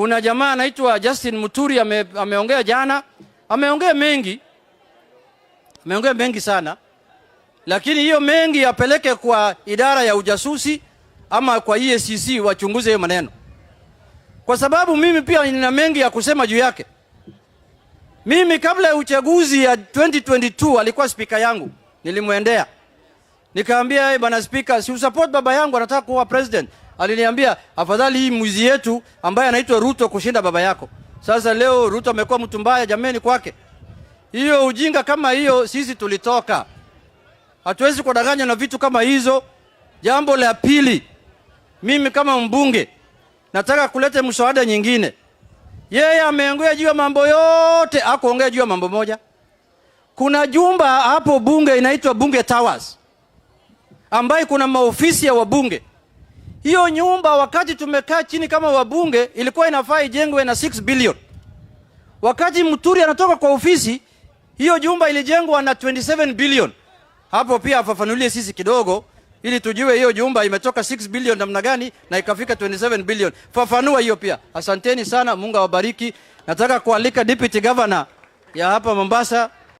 Kuna jamaa anaitwa Justin Muturi ame, ameongea jana, ameongea mengi, ameongea mengi sana, lakini hiyo mengi yapeleke kwa idara ya ujasusi ama kwa EACC wachunguze hiyo maneno, kwa sababu mimi pia nina mengi ya kusema juu yake. Mimi kabla ya uchaguzi ya 2022 alikuwa spika yangu, nilimwendea nikaambia, bwana spika, si support baba yangu anataka kuwa president aliniambia afadhali hii mwizi yetu ambaye anaitwa Ruto kushinda baba yako. Sasa leo Ruto amekuwa mtu mbaya jameni kwake. Hiyo ujinga kama hiyo sisi tulitoka. Hatuwezi kudanganya na vitu kama hizo. Jambo la pili, mimi kama mbunge nataka kuleta mswada nyingine. Yeye ameongea juu ya mambo yote, akuongea juu ya mambo moja. Kuna jumba hapo bunge inaitwa Bunge Towers ambaye kuna maofisi ya wabunge hiyo nyumba wakati tumekaa chini kama wabunge ilikuwa inafaa ijengwe na 6 billion. Wakati Muturi anatoka kwa ofisi, hiyo nyumba ilijengwa na 27 billion. Hapo pia afafanulie sisi kidogo, ili tujue hiyo nyumba imetoka 6 billion namna gani na ikafika 27 billion. Fafanua hiyo pia. Asanteni sana, Mungu awabariki. Nataka kualika deputy governor ya hapa Mombasa